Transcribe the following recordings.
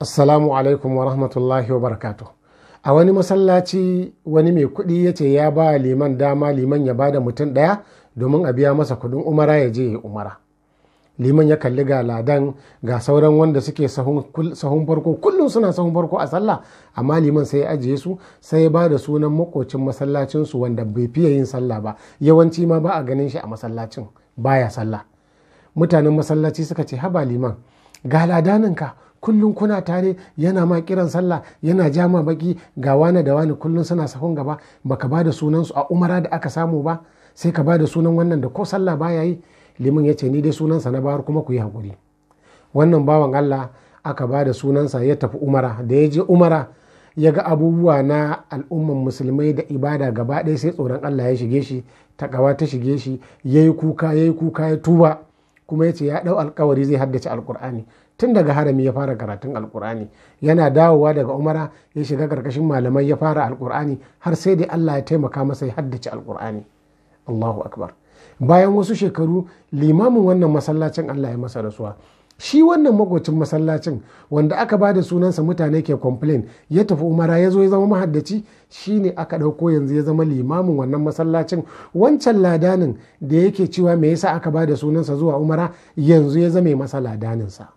assalamu alaikum wa rahmatullahi wa barakatu a wani masallaci wani mai kuɗi ya ce ya ba liman dama liman ya bada mutum ɗaya domin a biya masa kuɗin umara ya je ya umara liman ya kalli ga ladan ga sauran wanda suke sahun farko kullum suna sahun farko a sallah amma liman sai ya ajiye su sai ya ba sunan makocin masallacinsu wanda bai fiye yin sallah ba yawanci ma ba a ganin shi a masallacin baya sallah mutanen masallaci suka ce haba liman ga ladaninka kullum kuna tare yana ma kiran sallah yana jama baki ga wani da wani kullum suna sakon gaba baka ba da sunansu a umara da aka samu ba sai ka ba da sunan wannan da ko sallah baya yi liman ya ce ni dai sunansa na bayar kuma ku yi hakuri wannan bawan Allah aka ba da sunansa ya tafi umara da ya je umara ya ga abubuwa na al'umman musulmai da ibada gaba ɗaya sai tsoron Allah ya shige shi ta ta shige shi ya yi kuka ya yi kuka ya tuba kuma ya ce ya ɗau alkawari zai haddace alkur'ani tun daga harami ya fara karatun alkur'ani yana dawowa daga umara ya shiga karkashin malamai ya fara alkur'ani har sai dai allah ya taimaka masa ya haddace alkur'ani allahu akbar bayan wasu shekaru limamin wannan masallacin allah ya masa rasuwa shi wannan magocin masallacin wanda aka ba da sunansa mutane ke complain ya tafi umara ya zo ya zama mahaddaci shi ne aka ɗauko yanzu ya zama limamin wannan masallacin wancan ladanin da yake cewa me yasa aka ba da sunansa zuwa umara yanzu ya zama masa ladaninsa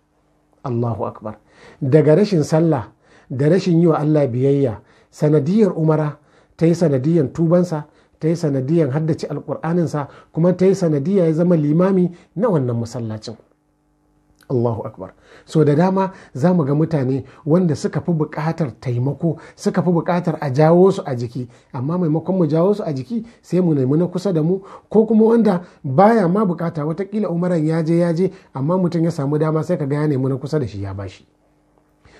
allahu akbar daga rashin sallah da rashin yi wa allah biyayya sanadiyar umara ta yi sanadiyar tubansa ta yi sanadiyar haddace alkur'aninsa kuma ta yi sanadiyar ya zama limami na wannan masallacin Allahu akbar so da dama za mu ga mutane wanda suka fi buƙatar taimako suka fi buƙatar a jawo su a jiki amma maimakon mu jawo su a jiki sai mu nemi na kusa da mu ko kuma wanda baya ma buƙata watakila umaran ya je ya je amma mutum ya samu dama sai ka ga ya nemi na kusa da shi ya bashi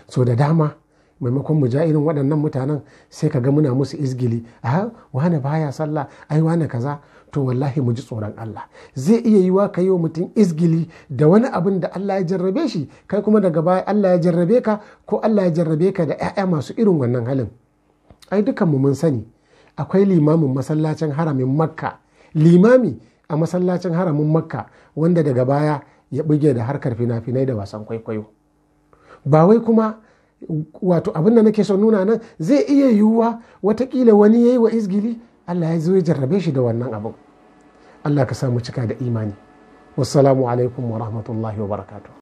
so da dama maimakon mu ja irin waɗannan mutanen sai ka ga muna musu izgili a wane baya sallah ai wane kaza to wallahi mu ji tsoron Allah zai iya yiwa ka yi wa mutum izgili da wani abin da Allah ya jarrabe shi kai kuma daga baya Allah ya jarrabe ka ko Allah ya jarrabe ka da ƴaƴa masu irin wannan halin ai dukan mu mun sani akwai limamin masallacin haramin makka limami a masallacin haramin makka wanda daga baya ya buge da harkar fina-finai da wasan kwaikwayo ba wai kuma wato abin da nake son nuna nan zai iya yiwuwa watakila wani ya yi wa izgili Allah ya zo ya jarrabe shi da wannan abin Allah ka samu cika da imani wassalamu alaikum wa rahmatullahi wa barakatuh